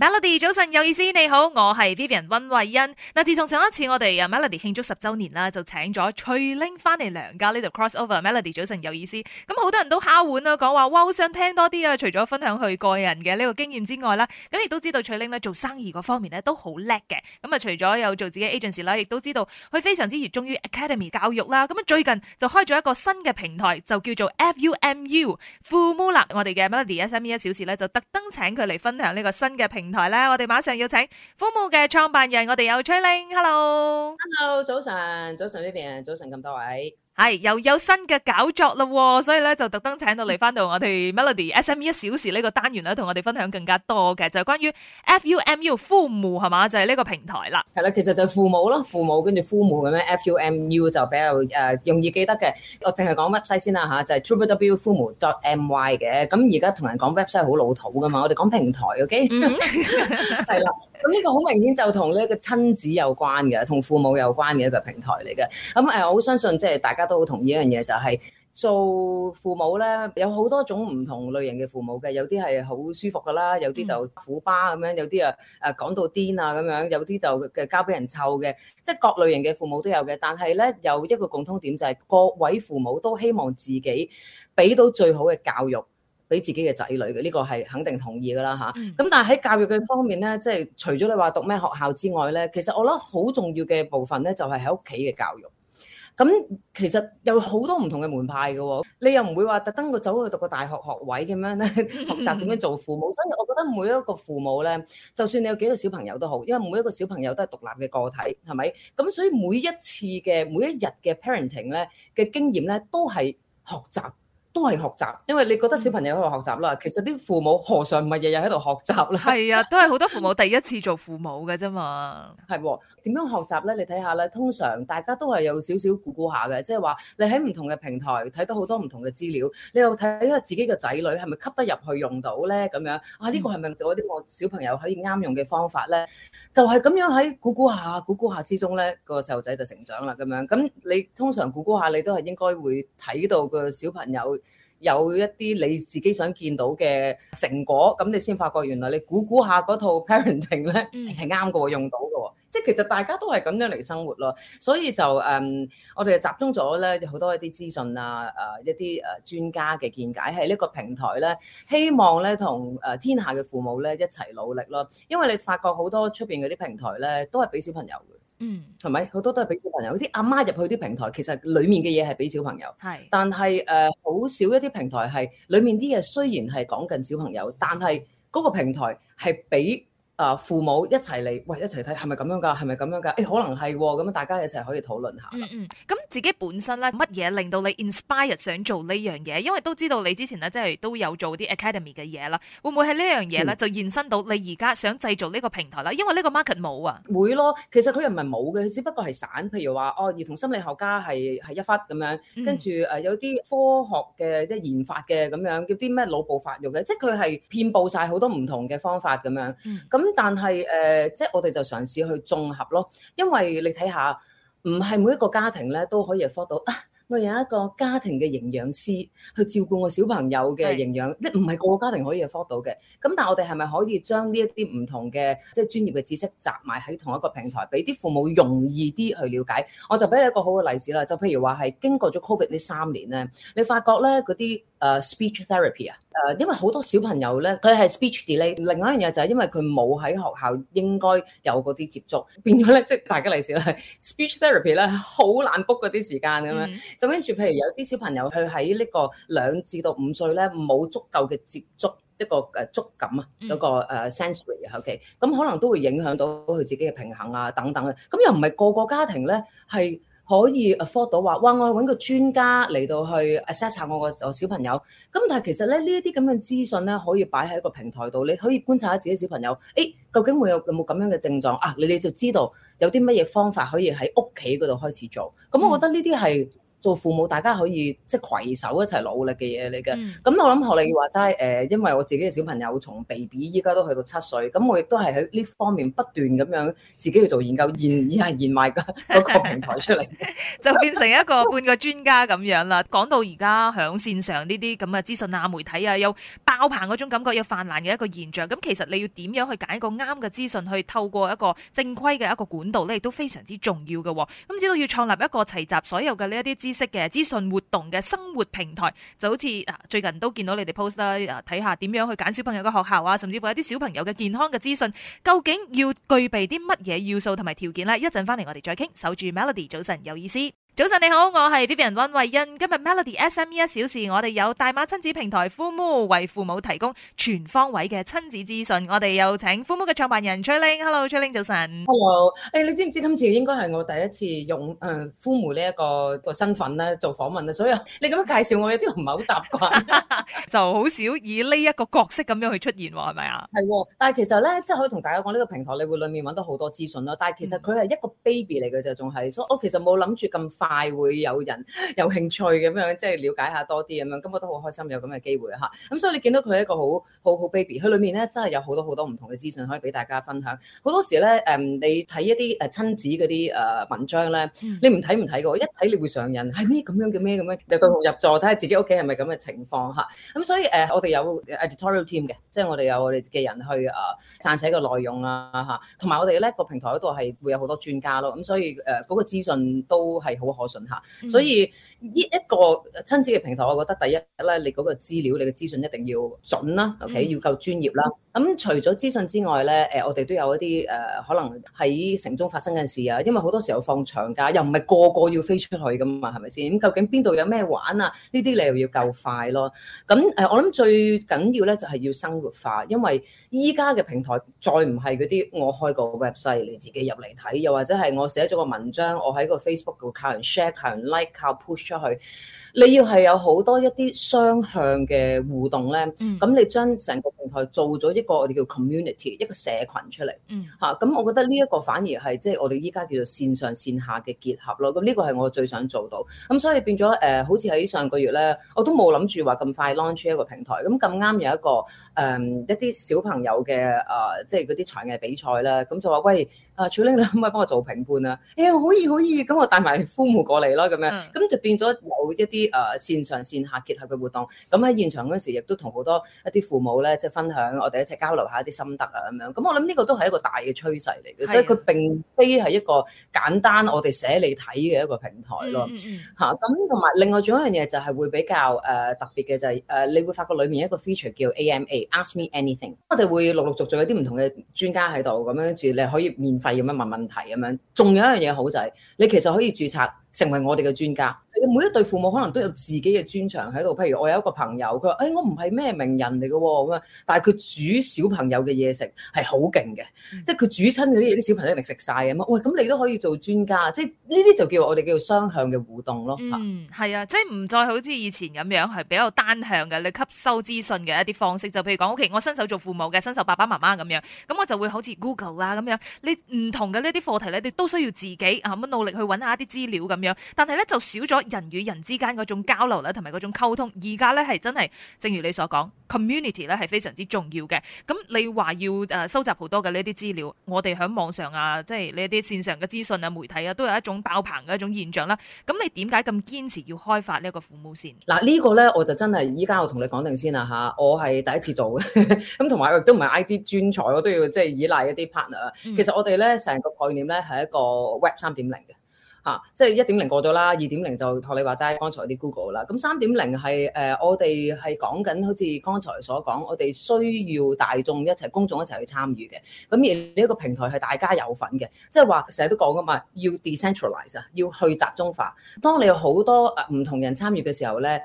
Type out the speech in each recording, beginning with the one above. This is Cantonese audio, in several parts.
Melody 早晨有意思，你好，我係 Vivian 溫慧欣。嗱，自從上一次我哋啊 Melody 慶祝十周年啦，就請咗翠玲翻嚟娘家呢度 cross over。Melody 早晨有意思，咁好多人都敲碗啊，講話哇，好想聽多啲啊！除咗分享佢個人嘅呢個經驗之外啦，咁亦都知道翠玲做生意嗰方面咧都好叻嘅。咁啊，除咗有做自己 agency 啦，亦都知道佢非常之熱衷於 academy 教育啦。咁啊，最近就開咗一個新嘅平台，就叫做 FUMU 父母啦，我哋嘅 Melody SME 一小時咧，就特登請佢嚟分享呢個新嘅平台。台咧，我哋馬上要請 FUMU 嘅創辦人，我哋有崔玲，hello，hello，Hello，早晨，早晨呢邊，早晨咁多位。係又有新嘅搞作咯，所以咧就特登請到你返到我哋 Melody S M E 一小時呢個單元咧，同我哋分享更加多嘅，就係、是、關於 F U M U 父母係嘛，就係、是、呢個平台啦。係啦，其實就係父母咯，父母跟住父母咁樣 F U M U 就比較誒、呃、容易記得嘅。我淨係講 website 先啦吓，就係 www.fumu.my 嘅。咁而家同人講 website 好老土噶嘛，我哋講平台 OK。 嗯。係啦，咁呢個好明顯就同呢個親子有關嘅，同父母有關嘅一個平台嚟嘅。咁誒，我好相信即係大家。都好同意一樣嘢，就係、是、做父母咧，有好多種唔同類型嘅父母嘅，有啲係好舒服噶啦，有啲就苦巴咁樣，有啲啊誒講到癲啊咁樣，有啲就嘅交俾人湊嘅，即、就、係、是、各類型嘅父母都有嘅。但係咧有一個共通點、就是，就係各位父母都希望自己俾到最好嘅教育俾自己嘅仔女嘅，呢、這個係肯定同意噶啦吓。咁但係喺教育嘅方面咧，即、就、係、是、除咗你話讀咩學校之外咧，其實我覺得好重要嘅部分咧，就係喺屋企嘅教育。咁其實有好多唔同嘅門派嘅喎，你又唔會話特登個走去讀個大學學位咁樣咧， 學習點樣做父母，所以我覺得每一個父母咧，就算你有幾個小朋友都好，因為每一個小朋友都係獨立嘅個體是，係咪？咁所以每一次嘅每一日嘅 parenting 咧嘅經驗咧，都係學習。都係學習，因為你覺得小朋友喺度學習啦、嗯，其實啲父母何嘗唔係日日喺度學習咧？係啊，都係好多父母第一次做父母嘅啫嘛。係， 點樣學習呢？你睇下呢，通常大家都係有少少估估下嘅，即係話你喺唔同嘅平台睇到好多唔同嘅資料，你又睇下自己嘅仔女係咪吸得入去用到呢？咁樣啊，呢、呢個係咪就呢個小朋友可以啱用嘅方法呢？就係、是、咁樣喺估估下估估下之中呢，個細路仔就成長啦。咁樣咁你通常估估下你都係應該會睇到個小朋友。有一啲你自己想見到嘅成果，咁你先發覺原來你估估下嗰套 parenting 咧係啱過用到㗎喎，即其實大家都係咁樣嚟生活咯，所以就誒，um, 我哋集中咗咧好多一啲資訊啊，一啲誒專家嘅見解喺呢個平台咧，希望咧同天下嘅父母咧一齊努力咯，因為你發覺好多出邊嗰啲平台咧都係俾小朋友。嗯，係咪好多都係俾小朋友？嗰啲阿媽入去啲平台，其實裏面嘅嘢係俾小朋友。係，但係誒，好少一啲平台係裏面啲嘢雖然係講緊小朋友，但係嗰個平台係俾。啊！父母一齊嚟，喂，一齊睇，係咪咁樣㗎？係咪咁樣㗎？誒、哎，可能係喎、啊，咁樣大家一齊可以討論下。嗯嗯。咁自己本身咧，乜嘢令到你 inspire 想做呢樣嘢？因為都知道你之前咧，即係都有做啲 academy 嘅嘢啦。會唔會係呢樣嘢咧，就延伸到你而家想製造呢個平台啦？因為呢個 market 冇啊。會咯，其實佢又唔係冇嘅，只不過係散。譬如話，哦，兒童心理學家係係一忽咁樣，跟住誒、呃嗯呃、有啲科學嘅即係研發嘅咁樣，叫啲咩腦部發育嘅，即係佢係遍佈晒好多唔同嘅方法咁樣。咁、嗯。嗯。但係誒、呃，即係我哋就嘗試去綜合咯，因為你睇下，唔係每一個家庭咧都可以 r 科到啊。我有一個家庭嘅營養師去照顧我小朋友嘅營養，一唔係個家庭可以 r 科到嘅。咁但係我哋係咪可以將呢一啲唔同嘅即係專業嘅知識集埋喺同一個平台，俾啲父母容易啲去了解？我就俾你一個好嘅例子啦，就譬如話係經過咗 Covid 呢三年咧，你發覺咧嗰啲。誒、uh, speech therapy 啊，誒因為好多小朋友咧，佢係 speech delay。另外一樣嘢就係因為佢冇喺學校應該有嗰啲接觸，變咗咧即係大家嚟試啦。 speech therapy 咧好難 book 嗰啲時間咁樣。咁跟住，譬如有啲小朋友佢喺呢個兩至到五歲咧冇足夠嘅接觸一個誒觸感啊，嗰、mm. 個誒 sensory ok。咁可能都會影響到佢自己嘅平衡啊等等。咁又唔係個個家庭咧係。是可以誒 afford 到話，哇！我揾個專家嚟到去 assess 我個我個小朋友。咁但係其實咧，呢一啲咁嘅資訊咧，可以擺喺一個平台度。你可以觀察下自己小朋友，誒、欸、究竟會有有冇咁樣嘅症狀啊？你哋就知道有啲乜嘢方法可以喺屋企嗰度開始做。咁我覺得呢啲係。做父母大家可以即係攜手一齊努力嘅嘢嚟嘅，咁、嗯、我諗學你話齋誒，因為我自己嘅小朋友從 baby 依家都去到七歲，咁我亦都係喺呢方面不斷咁樣自己去做研究，現而係現賣個平台出嚟， 就變成一個半個專家咁樣啦。講 到而家響線上呢啲咁嘅資訊啊、媒體啊，有爆棚嗰種感覺，有泛濫嘅一個現象，咁其實你要點樣去揀一個啱嘅資訊去透過一個正規嘅一個管道咧，亦都非常之重要嘅、哦。咁知道要創立一個齊集所有嘅呢一啲知識嘅資訊活動嘅生活平台，就好似最近都見到你哋 post 啦，睇下點樣去揀小朋友嘅學校啊，甚至乎一啲小朋友嘅健康嘅資訊，究竟要具備啲乜嘢要素同埋條件呢？一陣翻嚟我哋再傾，守住 Melody，早晨有意思。早晨你好，我係 Vivian 溫慧欣。今日 Melody S M E 一小時，我哋有大馬親子平台 FUMU 為父母提供全方位嘅親子資訊。我哋有請 FUMU 嘅創辦人翠玲。Hello，翠玲，早晨。Hello，誒、hey，你知唔知道今次應該係我第一次用誒 FUMU 呢一個個身份咧做訪問啊？所以你咁樣介紹我有啲唔係好習慣， 就好少以呢一個角色咁樣去出現喎，係咪啊？係， 但係其實咧，即係可以同大家講呢、這個平台，你會裏面揾到好多資訊咯。但係其實佢係一個 Baby 嚟嘅就仲係，所以我其實冇諗住咁快。快會有人有興趣嘅咁樣，即係了解下多啲咁樣，咁我都好開心有咁嘅機會吓，咁所以你見到佢一個好好好 baby，佢裏面咧真係有好多好多唔同嘅資訊可以俾大家分享。好多時咧誒，你睇一啲誒親子嗰啲誒文章咧，你唔睇唔睇嘅，一睇你會上癮，係咩咁樣嘅咩咁樣？對號入座，睇下自己屋企係咪咁嘅情況吓，咁所以誒，我哋有 editorial team 嘅，即係我哋有我哋嘅人去誒撰寫個內容啊吓，同埋我哋咧個平台嗰度係會有好多專家咯。咁所以誒，嗰個資訊都係好。可信吓，所以呢一個親子嘅平台，我覺得第一咧，你嗰個資料、你嘅資訊一定要準啦，OK，要夠專業啦。咁除咗資訊之外咧，誒，我哋都有一啲誒、呃，可能喺城中發生嘅事啊，因為好多時候放長假，又唔係個個要飛出去㗎嘛，係咪先？咁究竟邊度有咩玩啊？呢啲你又要夠快咯。咁誒，我諗最緊要咧就係、是、要生活化，因為依家嘅平台再唔係嗰啲我開個 website 你自己入嚟睇，又或者係我寫咗個文章，我喺個 Facebook 個 share like 靠 push 出去，你要係有好多一啲雙向嘅互動咧，咁、嗯、你將成個平台做咗一個我哋叫 community 一個社群出嚟，嚇、嗯、咁，啊、我覺得呢一個反而係即係我哋依家叫做線上線下嘅結合咯。咁呢個係我最想做到，咁所以變咗誒、呃，好似喺上個月咧，我都冇諗住話咁快 launch 一個平台，咁咁啱有一個誒、呃、一啲小朋友嘅誒，即係嗰啲才藝比賽啦，咁就話喂啊，楚玲你可唔可以幫我做評判啊？哎、欸、呀，可以可以，咁我帶埋過嚟咯，咁樣，咁就變咗有一啲誒線上線下結合嘅活動。咁喺現場嗰時，亦都同好多一啲父母咧，即係分享我哋一齊交流下一啲心得啊，咁樣。咁我諗呢個都係一個大嘅趨勢嚟嘅，所以佢並非係一個簡單我哋寫你睇嘅一個平台咯。咁同埋另外仲有一樣嘢就係會比較、呃、特別嘅就係、呃、你會發覺裏面一個 feature 叫 A.M.A. Ask Me Anything。我哋會陸陸續續有啲唔同嘅專家喺度，咁樣住你可以免費咁樣問問題咁樣。仲有一樣嘢好就係你其實可以註冊。成為我哋嘅專家。每一對父母可能都有自己嘅專長喺度，譬如我有一個朋友，佢話，哎，我唔係咩名人嚟嘅，咁但係佢煮小朋友嘅嘢食係好勁嘅，即係佢煮親嗰啲嘢，啲小朋友一定食晒咁喂，咁、哎、你都可以做專家，即係呢啲就叫我哋叫做雙向嘅互動咯。嗯，係啊，即係唔再好似以前咁樣係比較單向嘅，你吸收資訊嘅一啲方式，就譬如講，OK，我新手做父母嘅，新手爸爸媽媽咁樣，咁我就會好似 Google 啊咁樣，你唔同嘅呢啲課題咧，你都需要自己啊咁努力去搵下一啲資料咁樣，但係咧就少咗。人與人之間嗰種交流啦，同埋嗰種溝通，而家咧係真係，正如你所講，community 咧係非常之重要嘅。咁你話要誒收集好多嘅呢啲資料，我哋喺網上啊，即係呢啲線上嘅資訊啊，媒體啊，都有一種爆棚嘅一種現象啦。咁你點解咁堅持要開發這父母、這個、呢一個服務線？嗱，呢個咧我就真係，依家我同你講定先啦吓，我係第一次做嘅，咁同埋亦都唔係 I T 專才，我都要即係依賴一啲 partner。其實我哋咧成個概念咧係一個 Web 三點零嘅。啊、即係一點零過咗啦，二點零就托你話齋，剛才啲 Google 啦，咁三點零係誒，我哋係講緊好似剛才所講，我哋需要大眾一齊公眾一齊去參與嘅，咁而呢一個平台係大家有份嘅，即係話成日都講噶嘛，要 decentralize 啊，要去集中化。當你有好多唔同人參與嘅時候咧。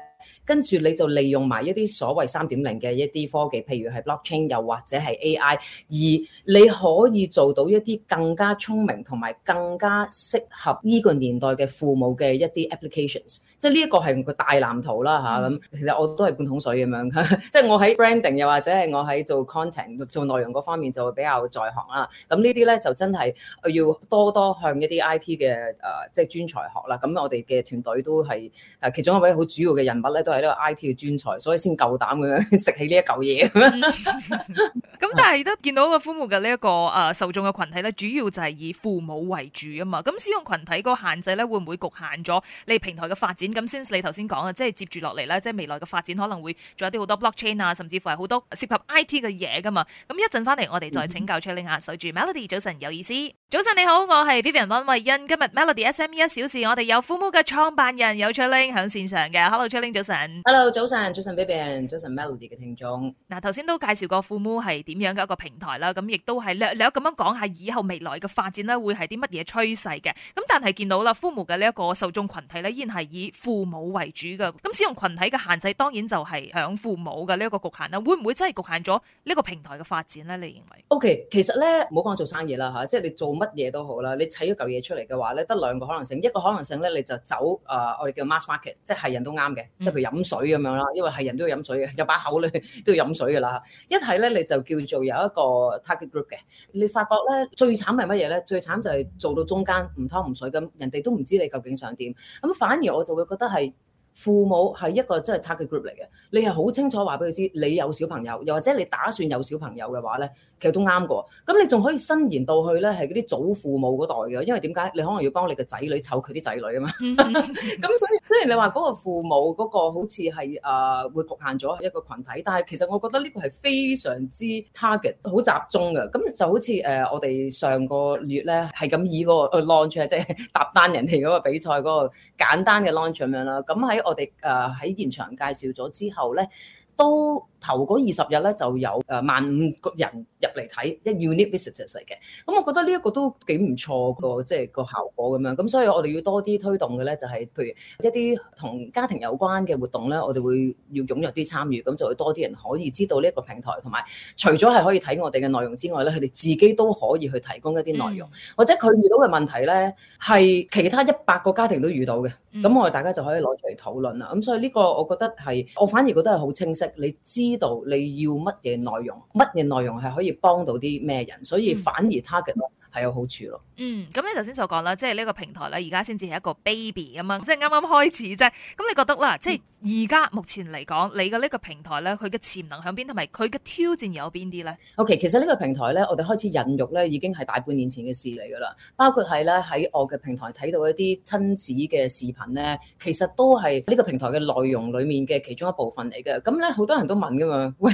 跟住你就利用埋一啲所謂三點零嘅一啲科技，譬如係 blockchain 又或者係 AI，而你可以做到一啲更加聰明同埋更加適合呢個年代嘅父母嘅一啲 applications，即係呢一個係個大藍圖啦咁、嗯。其實我都係半桶水咁樣， 即我喺 branding 又或者係我喺做 content 做內容嗰方面就會比較在行啦。咁呢啲呢，就真係要多多向一啲 IT 嘅誒、呃、即專才學啦。咁我哋嘅團隊都係其中一位好主要嘅人物。.都係呢個 IT 嘅專才，所以先夠膽咁樣食起呢一嚿嘢 咁但係都見到個父母嘅呢一個誒受眾嘅群體咧，主要就係以父母為主啊嘛。咁使用群體嗰個限制咧，會唔會局限咗你平台嘅發展？咁先你頭先講啊，即係接住落嚟咧，即係未來嘅發展可能會仲有啲好多 blockchain 啊，甚至乎係好多涉及 IT 嘅嘢㗎嘛。咁一陣翻嚟，我哋再請教 Chiling 啊，守住 Melody 早晨有意思，早晨你好，我係 Vivian 安慧欣。今日 Melody SME 一小時，我哋有父母嘅創辦人有 Chiling 響線上嘅，Hello Chiling 早。Hello 早晨，早晨，Bian，早晨，Melody 嘅聽眾。嗱，頭先都介紹過父母係點樣嘅一個平台啦，咁亦都係略略咁樣講下以後未來嘅發展咧，會係啲乜嘢趨勢嘅。咁但係見到啦，父母嘅呢一個受眾群體咧，依然係以父母為主嘅。咁使用群體嘅限制，當然就係響父母嘅呢一個局限啦。會唔會真係局限咗呢個平台嘅發展咧？你認為？OK，其實咧，唔好講做生意啦吓，即係你做乜嘢都好啦，你砌咗嚿嘢出嚟嘅話咧，得兩個可能性，一個可能性咧，你就走啊、呃，我哋叫 mass market，即係人都啱嘅。嗯佢飲水咁樣啦，因為係人都要飲水嘅，有把口咧都要飲水嘅啦。一係咧你就叫做有一個 target group 嘅，你發覺咧最慘係乜嘢咧？最慘就係做到中間唔湯唔水咁，人哋都唔知你究竟想點。咁反而我就會覺得係。父母係一個即係、就是、target group 嚟嘅，你係好清楚話俾佢知你有小朋友，又或者你打算有小朋友嘅話咧，其實都啱嘅。咁你仲可以伸延到去咧係嗰啲祖父母嗰代嘅，因為點解？你可能要幫你嘅仔女湊佢啲仔女啊嘛。咁所以雖然你話嗰個父母嗰個好似係誒會局限咗一個群體，但係其實我覺得呢個係非常之 target 好集中嘅。咁就好似誒、呃、我哋上個月咧係咁以個 launch 即係搭單人哋嗰個比賽嗰個簡單嘅 launch 咁樣啦。咁喺我哋誒喺現場介紹咗之後咧，都。頭嗰二十日咧就有誒萬五個人入嚟睇，即係 unique visitors 嚟嘅。咁我覺得呢一個都幾唔錯個，即係個效果咁樣。咁所以我哋要多啲推動嘅咧，就係譬如一啲同家庭有關嘅活動咧，我哋會要踴躍啲參與，咁就會多啲人可以知道呢一個平台，同埋除咗係可以睇我哋嘅內容之外咧，佢哋自己都可以去提供一啲內容，mm. 或者佢遇到嘅問題咧係其他一百個家庭都遇到嘅。咁我哋大家就可以攞出嚟討論啦。咁所以呢個我覺得係我反而覺得係好清晰，你知。你要乜嘢內容？乜嘢內容係可以幫到啲咩人？所以反而 target。係有好處咯。嗯，咁你頭先所講啦，即係呢個平台咧，而家先至係一個 baby 咁樣，即係啱啱開始啫。咁你覺得啦，即係而家目前嚟講，嗯、你嘅呢個平台咧，佢嘅潛能喺邊，同埋佢嘅挑戰有邊啲咧？OK，其實呢個平台咧，我哋開始孕育咧，已經係大半年前嘅事嚟噶啦。包括係咧，喺我嘅平台睇到一啲親子嘅視頻咧，其實都係呢個平台嘅內容裡面嘅其中一部分嚟嘅。咁咧好多人都問噶嘛，喂，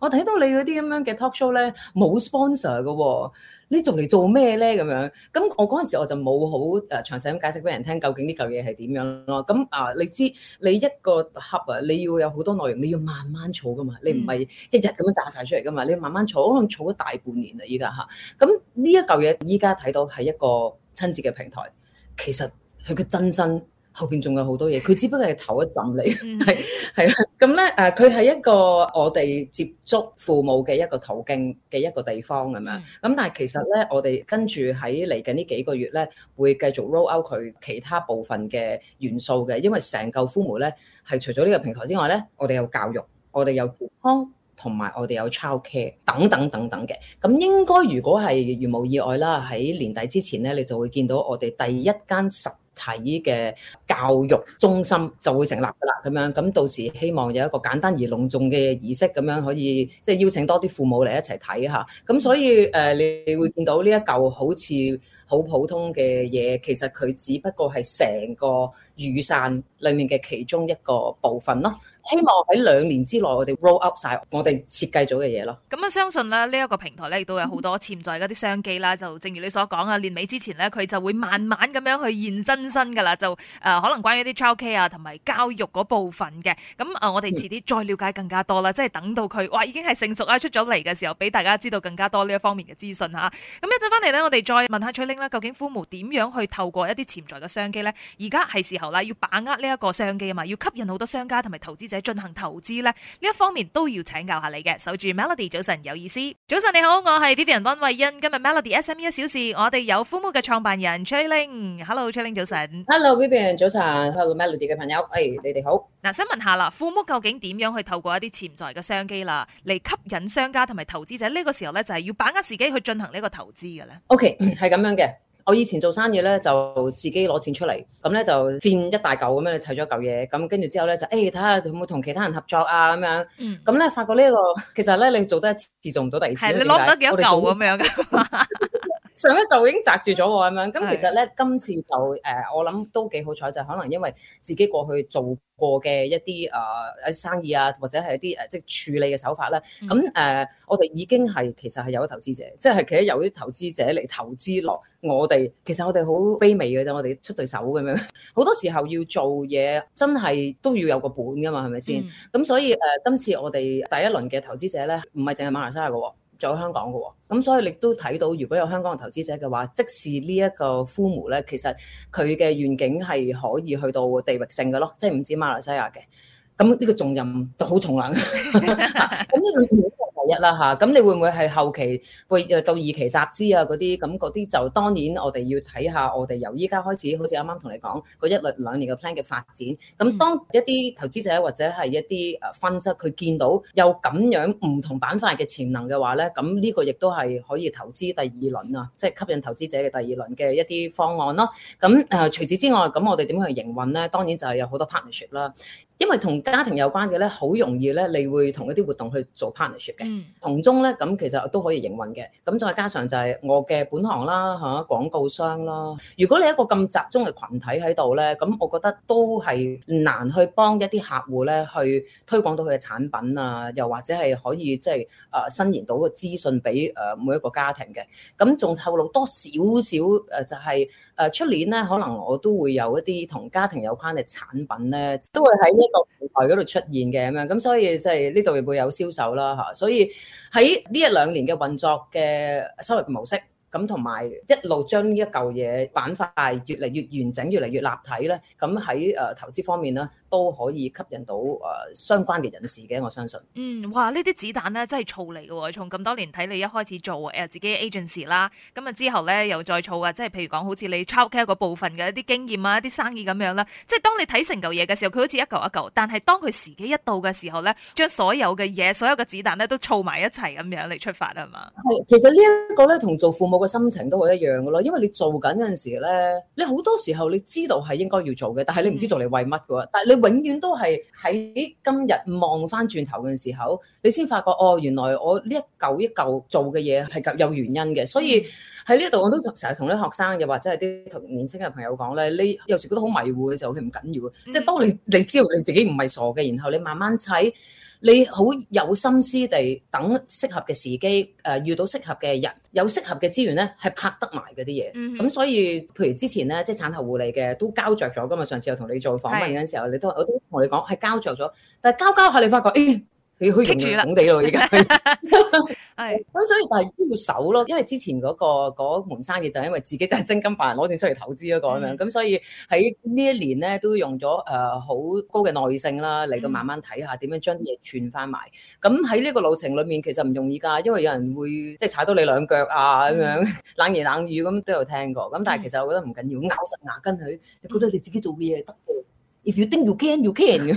我睇到你嗰啲咁樣嘅 talk show 咧、哦，冇 sponsor 噶喎。你做嚟做咩咧？咁樣，咁我嗰陣時我就冇好誒詳細咁解釋俾人聽，究竟呢嚿嘢係點樣咯？咁啊，你知你一個盒啊，你要有好多內容，你要慢慢儲噶嘛，你唔係一日咁樣炸晒出嚟噶嘛，你要慢慢儲，可能儲咗大半年啦依家嚇。咁呢一嚿嘢依家睇到係一個親子嘅平台，其實佢嘅真身。後邊仲有好多嘢，佢只不過係頭一陣嚟、mm -hmm. 嗯，係係啦。咁咧，佢係一個我哋接觸父母嘅一個途徑嘅一個地方咁樣。咁但係其實咧，我哋跟住喺嚟緊呢幾個月咧，會繼續 roll out 佢其他部分嘅元素嘅，因為成舊父母咧係除咗呢個平台之外咧，我哋有教育，我哋有健康，同埋我哋有 child care 等等等等嘅。咁應該如果係如無意外啦，喺年底之前咧，你就會見到我哋第一間十，睇嘅教育中心就會成立㗎啦，咁樣咁到時希望有一個簡單而隆重嘅儀式，咁樣可以即係邀請多啲父母嚟一齊睇下。咁所以誒、呃、你會見到呢一舊好似好普通嘅嘢，其實佢只不過係成個雨傘裏面嘅其中一個部分咯。希望喺兩年之內我哋 roll up 晒我哋設計咗嘅嘢咯。咁啊，相信咧呢一個平台咧亦都有好多潛在啲商機啦。就正如你所講啊，年尾之前咧，佢就會慢慢咁樣去現身。新噶啦，就 誒可能關於啲 childcare 啊，同埋教育嗰部分嘅，咁誒我哋遲啲再了解更加多啦，即係等到佢哇已經係成熟啊出咗嚟嘅時候，俾大家知道更加多呢一方面嘅資訊嚇。咁一陣翻嚟咧，我哋再問下翠玲啦，究竟父母點樣去透過一啲潛在嘅商機咧？而家係時候啦，要把握呢一個商機啊嘛，要吸引好多商家同埋投資者進行投資咧。呢一方面都要請教下你嘅，守住 Melody 早晨有意思。早晨你好，我係 Vivian 温慧欣，今日 Melody SME 一小時，我哋有父母嘅創辦人翠玲，Hello 翠玲早晨。Hello Vivian，早晨，Hello Melody 嘅朋友，誒、hey，你哋好。嗱，想問下啦，父母究竟點樣去透過一啲潛在嘅商機啦，嚟吸引商家同埋投資者？呢個時候咧，就係要把握時機去進行呢個投資嘅咧。OK，係咁樣嘅。我以前做生意咧，就自己攞錢出嚟，咁咧就佔一大嚿咁樣，砌咗一嚿嘢，咁跟住之後咧就誒，睇下有冇同其他人合作啊，咁樣。嗯。咁咧，發覺呢、這個其實咧，你做得一次做唔到第二次。你攞唔到幾多嚿咁樣噶？ 上一度已經窒住咗我咁樣，咁其實咧，今次就、呃、我諗都幾好彩，就係、可能因為自己過去做過嘅一啲誒、呃、生意啊，或者係一啲、呃、即係處理嘅手法咧，咁、嗯、誒、呃，我哋已經係其實係有啲投資者，即係其實有啲投資者嚟投資落我哋，其實我哋好卑微嘅啫，我哋出對手咁樣，好多時候要做嘢真係都要有個本㗎嘛，係咪先？咁、嗯、所以誒、呃，今次我哋第一輪嘅投資者咧，唔係淨係馬來西亞嘅、啊，咗香港嘅喎，咁所以你都睇到，如果有香港嘅投資者嘅話，即使呢一個 FUMU 呢，其實佢嘅願景係可以去到地域性嘅咯，即係唔止馬來西亞嘅，咁呢個重任就好重啦。咁呢個。一啦，吓，咁你會唔會係後期會到二期集資啊嗰啲？咁嗰啲就當然我哋要睇下，我哋由依家開始，好似啱啱同你講嗰一兩年嘅 plan 嘅發展。咁當一啲投資者或者係一啲誒分析，佢見到有咁樣唔同板塊嘅潛能嘅話咧，咁呢個亦都係可以投資第二輪啊，即係吸引投資者嘅第二輪嘅一啲方案咯。咁誒除此之外，咁我哋點樣去營運咧？當然就係有好多 partnership 啦。因為同家庭有關嘅咧，好容易咧，你會同一啲活動去做 partnership 嘅，mm. 同中咧咁其實都可以營運嘅。咁再加上就係我嘅本行啦嚇、啊、廣告商啦。如果你一個咁集中嘅群體喺度咧，咁我覺得都係難去幫一啲客戶咧去推廣到佢嘅產品啊，又或者係可以即係誒伸延到個資訊俾誒每一個家庭嘅。咁仲透露多少少誒就係誒出年咧，可能我都會有一啲同家庭有關嘅產品咧，都會喺呢平台嗰度出現嘅咁樣，咁所以即係呢度會有銷售啦嚇，所以喺呢一兩年嘅運作嘅收入模式，咁同埋一路將呢一嚿嘢板塊越嚟越完整、越嚟越立體咧，咁喺誒投資方面咧。都可以吸引到誒、呃、相關嘅人士嘅，我相信。嗯，哇！呢啲子彈呢真係湊嚟嘅喎。從咁多年睇你一開始做誒、呃、自己的 agency 啦，咁啊之後呢又再湊啊，即係譬如講好似你 childcare 個部分嘅一啲經驗啊、一啲生意咁樣啦。即係當你睇成嚿嘢嘅時候，佢好似一嚿一嚿，但係當佢時機一到嘅時候呢，將所有嘅嘢、所有嘅子彈呢都湊埋一齊咁樣嚟出發啊嘛。係，其實呢一個呢，同做父母嘅心情都係一樣嘅咯，因為你做緊嗰陣時咧，你好多時候你知道係應該要做嘅，但係你唔知做嚟為乜嘅喎。但係你永遠都係喺今日望翻轉頭嘅時候，你先發覺哦，原來我呢一嚿一嚿做嘅嘢係有原因嘅。所以喺呢度我都成日同啲學生，又或者係啲同年青嘅朋友講咧，你有時覺得好迷糊嘅時候，其實唔緊要嘅、嗯。即係當你你知道你自己唔係傻嘅，然後你慢慢砌。你好有心思地等適合嘅時機，誒遇到適合嘅人，有適合嘅資源咧，係拍得埋嗰啲嘢。咁、嗯、所以，譬如之前咧，即係產後護理嘅都交着咗㗎嘛，上次我同你做訪問嗰陣時候，你都我都同你講係交着咗，但係交交下你發覺，哎棘住啦，咁地咯，而家係咁，所以但係都要守咯，因為之前嗰、那個嗰門生意就係因為自己就係真金白銀攞定出嚟投資啊，咁樣，咁所以喺呢一年咧都用咗誒好高嘅耐性啦，嚟到慢慢睇下點樣將嘢串翻埋。咁喺呢個路程裏面，其實唔容易噶，因為有人會即係、就是、踩到你兩腳啊，咁樣、嗯、冷言冷語咁都有聽過。咁但係其實我覺得唔緊要，咬實牙根佢，你覺得你自己做嘅嘢得 If you think you can, you can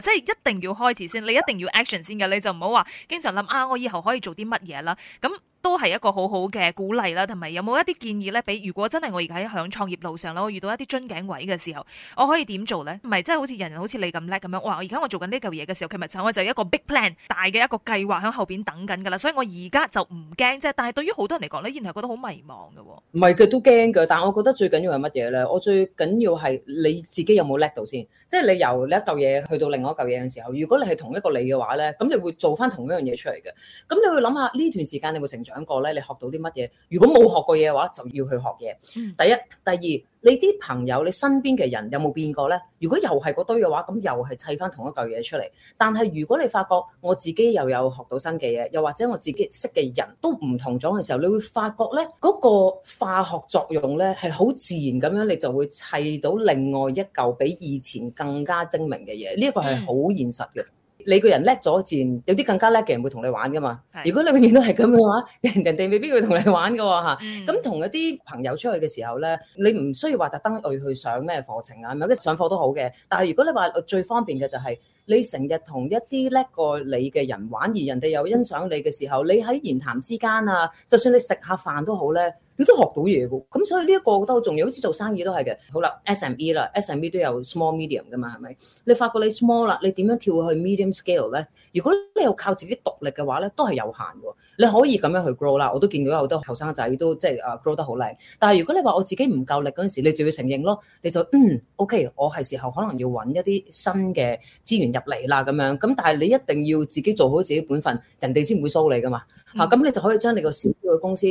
即係一定要開始先，你一定要 action 先嘅，你就唔好話經常諗啊，我以後可以做啲乜嘢啦。咁。都係一個好好嘅鼓勵啦，同埋有冇一啲建議呢？俾如，如果真係我而家喺喺創業路上，我遇到一啲樽頸位嘅時候，我可以點做呢？唔係即係好似人人好似你咁叻咁樣，哇！而家我，我做緊呢嚿嘢嘅時候，其實我就有一個 big plan 大嘅一個計劃喺後邊等緊噶啦，所以我而家就唔驚啫。但係對於好多人嚟講呢，然係覺得好迷茫噶。唔係佢都驚嘅，但我覺得最緊要係乜嘢呢？我最緊要係你自己有冇叻到先。即係你由呢一嚿嘢去到另外一嚿嘢嘅時候，如果你係同一個你嘅話呢，咁你會做翻同一樣嘢出嚟嘅。咁你會諗下呢段時間你會成長。過咧，你學到啲乜嘢？如果冇學過嘢嘅話，就要去學嘢。第一、第二，你啲朋友、你身邊嘅人有冇變過咧？如果又係嗰堆嘅話，咁又係砌翻同一嚿嘢出嚟。但係如果你發覺我自己又有學到新嘅嘢，又或者我自己識嘅人都唔同咗嘅時候，你會發覺咧嗰個化學作用咧係好自然咁樣，你就會砌到另外一嚿比以前更加精明嘅嘢。呢一個係好現實嘅。你個人叻咗，自然，有啲更加叻嘅人會同你玩㗎嘛？如果你永遠都係咁嘅話， 人人哋未必會同你玩㗎嚇、啊。咁、嗯、同一啲朋友出去嘅時候咧，你唔需要話特登要去上咩課程啊，咁樣上課都好嘅。但係如果你話最方便嘅就係、是、你成日同一啲叻過你嘅人玩，而人哋又欣賞你嘅時候，你喺言談之間啊，就算你食下飯都好咧。你都學到嘢嘅，咁所以呢一個我覺得好重要，好似做生意都係嘅。好啦，SME 啦，SME 都有 small、medium 㗎嘛，係咪？你發覺你 small 啦，你點樣跳去 medium scale 咧？如果你要靠自己獨立嘅話咧，都係有限喎。你可以咁樣去 grow 啦，我都見到有好多後生仔都即係啊 grow 得好靚。但係如果你話我自己唔夠力嗰陣時，你就要承認咯，你就嗯 OK，我係時候可能要揾一啲新嘅資源入嚟啦咁樣。咁但係你一定要自己做好自己本分，人哋先唔會收你㗎嘛。嚇，咁你就可以將你個小小嘅公司。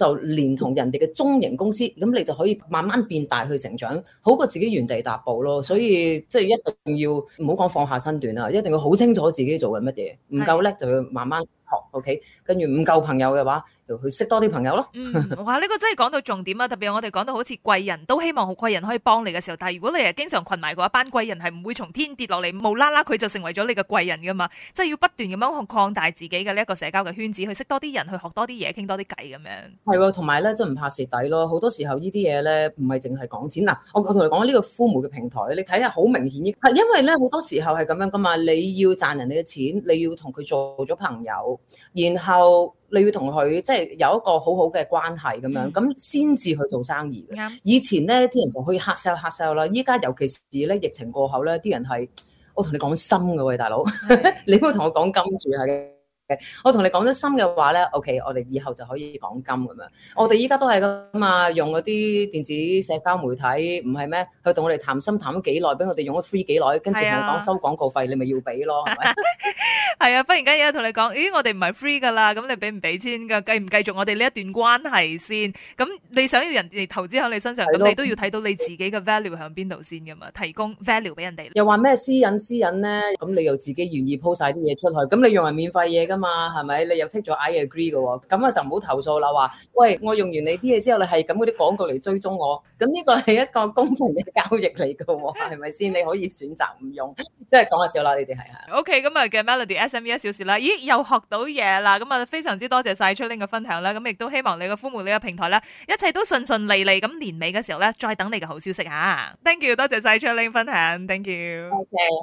就連同人哋嘅中型公司，咁你就可以慢慢變大去成長，好過自己原地踏步咯。所以即係一定要唔好講，放下身段啦，一定要好清楚自己做緊乜嘢，唔夠叻就要慢慢。O K，跟住唔夠朋友嘅話，就去識多啲朋友咯。 哇，呢個真係講到重點啊！特別我哋講到好似貴人都希望好貴人可以幫你嘅時候，但係如果你係經常話群埋嗰一班貴人，係唔會從天跌落嚟，無啦啦佢就成為咗你嘅貴人噶嘛。即係要不斷咁樣擴大自己嘅呢一個社交嘅圈子，去識多啲人，去學多啲嘢，傾多啲偈咁樣。係喎，同埋咧，真係唔怕蝕底咯。好多時候呢啲嘢咧，唔係淨係講錢嗱。我我同你講呢個父母嘅平台，你睇下好明顯。因為咧，好多時候係咁樣噶嘛。你要賺人哋嘅錢，你要同佢做咗朋友。然後你要同佢即係有一個好好嘅關係咁樣，咁先至去做生意嘅。以前呢啲人就可以 hard sell hard sell 啦，依家尤其是咧疫情過後呢啲人係我同你講心㗎喎，大佬， 你都同我講金住係我同你講咗心嘅話咧，OK，我哋以後就可以講金咁樣。我哋依家都係咁啊用嗰啲電子社交媒體，唔係咩？去同我哋談心談咗幾耐，俾我哋用咗 free 幾耐，跟住同、啊、你講收廣告費，你咪要俾咯。係 啊，忽然間有同你講，咦，我哋唔係 free 噶啦，咁你俾唔俾先噶？繼唔繼續我哋呢一段關係先？咁你想要人哋投資喺你身上，咁你都要睇到你自己嘅 value 喺邊度先噶嘛？提供 value 俾人哋。又話咩私隱私隱咧？咁你又自己願意鋪晒啲嘢出去，咁你用埋免費嘢咁。嘛係咪？你又剔咗 I agree 嘅、哦，咁啊就唔好投訴啦。話喂，我用完你啲嘢之後，你係咁嗰啲廣告嚟追蹤我，咁呢個係一個公平嘅交易嚟噶、哦，係咪先？你可以選擇唔用，即係講下笑啦。你哋係啊。O K，咁啊嘅 Melody S M E 一小時啦，咦又學到嘢啦。咁啊非常之多謝晒出 ling 嘅分享啦。咁亦都希望你嘅 FUMU 呢個平台咧，一切都順順利利。咁年尾嘅時候咧，再等你嘅好消息吓。Thank you，多謝晒出 ling 分享。Thank you、okay.。